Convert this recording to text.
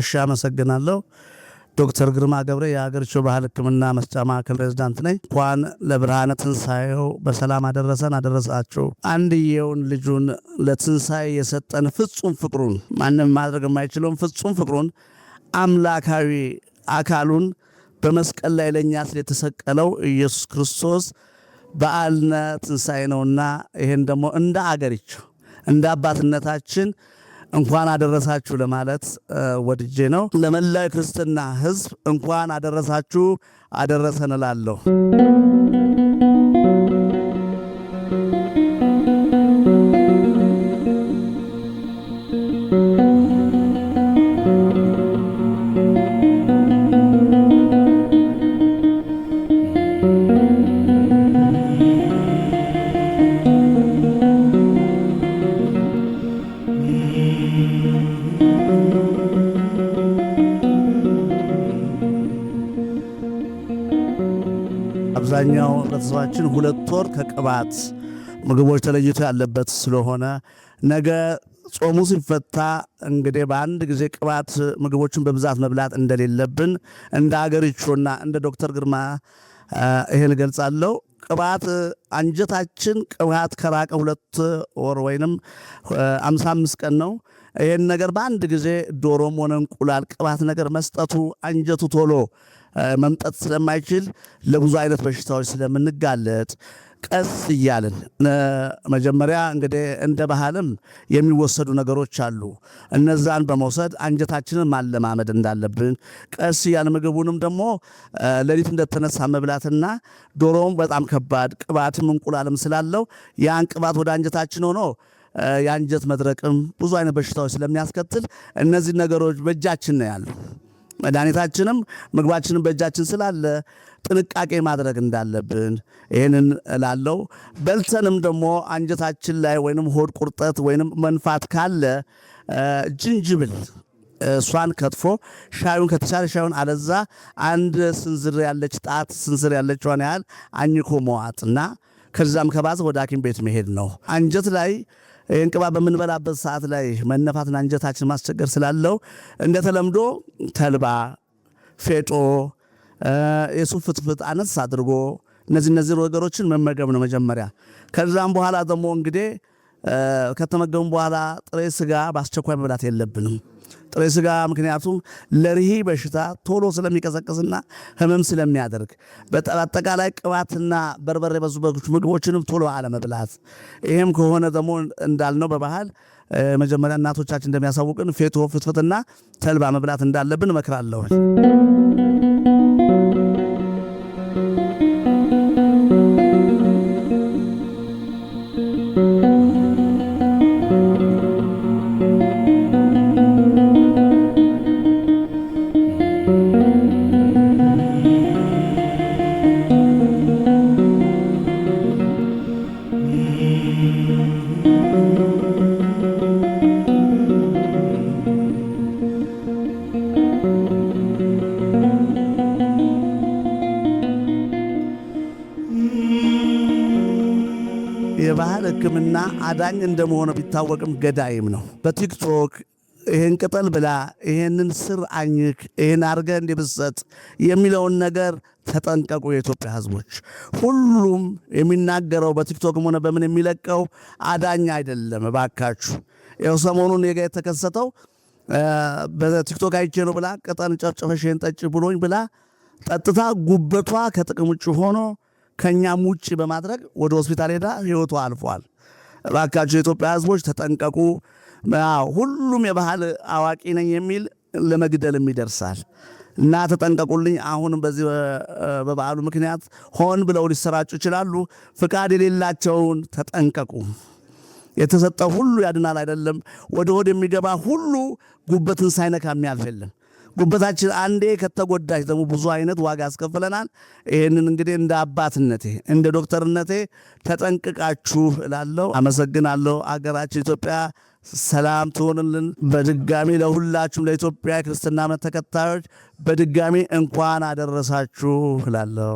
እሺ አመሰግናለሁ። ዶክተር ግርማ ገብረ የሀገሪቱ ባህል ሕክምና መስጫ ማዕከል ፕሬዚዳንት ነኝ። እንኳን ለብርሃነ ትንሣኤው በሰላም አደረሰን አደረሳችሁ። አንድየውን ልጁን ለትንሣኤ የሰጠን ፍጹም ፍቅሩን ማንም ማድረግ የማይችለውን ፍጹም ፍቅሩን አምላካዊ አካሉን በመስቀል ላይ ለእኛ የተሰቀለው ኢየሱስ ክርስቶስ በዓልነ ትንሣኤ ነውና ይህን ደግሞ እንደ አገሪቱ እንደ አባትነታችን እንኳን አደረሳችሁ ለማለት ወድጄ ነው። ለመላ ክርስትና ሕዝብ እንኳን አደረሳችሁ አደረሰን እላለሁ። አብዛኛው ህብረተሰባችን ሁለት ወር ከቅባት ምግቦች ተለይቶ ያለበት ስለሆነ ነገ ጾሙ ሲፈታ እንግዲህ በአንድ ጊዜ ቅባት ምግቦችን በብዛት መብላት እንደሌለብን እንደ አገሪቹና እንደ ዶክተር ግርማ ይሄን እገልጻለሁ። ቅባት አንጀታችን ቅባት ከራቀ ሁለት ወር ወይንም አምሳ አምስት ቀን ነው። ይህን ነገር በአንድ ጊዜ ዶሮም ሆነ እንቁላል ቅባት ነገር መስጠቱ አንጀቱ ቶሎ መምጠት ስለማይችል ለብዙ አይነት በሽታዎች ስለምንጋለጥ ቀስ እያልን መጀመሪያ እንግዲህ እንደ ባህልም የሚወሰዱ ነገሮች አሉ። እነዛን በመውሰድ አንጀታችንን ማለማመድ እንዳለብን ቀስ እያል ምግቡንም ደግሞ ሌሊት እንደተነሳ መብላትና ዶሮም በጣም ከባድ ቅባትም እንቁላልም ስላለው ያን ቅባት ወደ አንጀታችን ሆኖ የአንጀት መድረቅም ብዙ አይነት በሽታዎች ስለሚያስከትል እነዚህ ነገሮች በእጃችን ነው ያሉ። መድኃኒታችንም ምግባችንም በእጃችን ስላለ ጥንቃቄ ማድረግ እንዳለብን ይህንን እላለው። በልተንም ደግሞ አንጀታችን ላይ ወይም ሆድ ቁርጠት ወይንም መንፋት ካለ ጅንጅብል እሷን ከትፎ ሻዩን ከተቻለ ሻዩን፣ አለዛ አንድ ስንዝር ያለች ጣት ስንዝር ያለችዋን ያህል አኝኮ መዋጥና ከዛም ከባሰ ወደ ሐኪም ቤት መሄድ ነው። አንጀት ላይ እንቅባ በምንበላበት ሰዓት ላይ መነፋትና አንጀታችን ማስቸገር ስላለው እንደ ተለምዶ ተልባ፣ ፌጦ፣ የሱፍ ፍትፍት አነስ አድርጎ እነዚህ እነዚህ ነገሮችን መመገብ ነው መጀመሪያ። ከዛም በኋላ ደግሞ እንግዲህ ከተመገቡ በኋላ ጥሬ ስጋ በአስቸኳይ መብላት የለብንም። ጥሬ ስጋ ምክንያቱም ለርሂ በሽታ ቶሎ ስለሚቀሰቅስና ህመም ስለሚያደርግ፣ በአጠቃላይ ቅባትና በርበሬ የበዙበት ምግቦችንም ቶሎ አለመብላት። ይህም ከሆነ ደግሞ እንዳልነው በባህል መጀመሪያ እናቶቻችን እንደሚያሳውቅን ፌቶ ፍትፍትና ተልባ መብላት እንዳለብን እመክራለሁ። የባህል ሕክምና አዳኝ እንደመሆነ ቢታወቅም ገዳይም ነው። በቲክቶክ ይህን ቅጠል ብላ፣ ይህንን ስር አኝክ፣ ይህን አርገ እንዲብሰጥ የሚለውን ነገር ተጠንቀቁ የኢትዮጵያ ህዝቦች። ሁሉም የሚናገረው በቲክቶክም ሆነ በምን የሚለቀው አዳኝ አይደለም። እባካችሁ ይኸው ሰሞኑን የጋ የተከሰተው በቲክቶክ አይቼ ነው ብላ ቅጠል ጨፍጭፈሽ ጠጭ ብሎኝ ብላ ጠጥታ ጉበቷ ከጥቅም ውጭ ሆኖ ከእኛም ውጭ በማድረግ ወደ ሆስፒታል ሄዳ ህይወቱ አልፏል። እባካችሁ የኢትዮጵያ ህዝቦች ተጠንቀቁ። ሁሉም የባህል አዋቂ ነኝ የሚል ለመግደልም ይደርሳል እና ተጠንቀቁልኝ። አሁን በዚህ በበዓሉ ምክንያት ሆን ብለው ሊሰራጩ ይችላሉ። ፍቃድ የሌላቸውን ተጠንቀቁ። የተሰጠው ሁሉ ያድናል አይደለም። ወደ ሆድ የሚገባ ሁሉ ጉበትን ሳይነካ የሚያልፍ የለም። ጉበታችን አንዴ ከተጎዳች ደግሞ ብዙ አይነት ዋጋ አስከፍለናል ይህንን እንግዲህ እንደ አባትነቴ እንደ ዶክተርነቴ ተጠንቅቃችሁ እላለሁ። አመሰግናለሁ። አገራችን ኢትዮጵያ ሰላም ትሆንልን። በድጋሚ ለሁላችሁም ለኢትዮጵያ ክርስትና እምነት ተከታዮች በድጋሚ እንኳን አደረሳችሁ እላለሁ።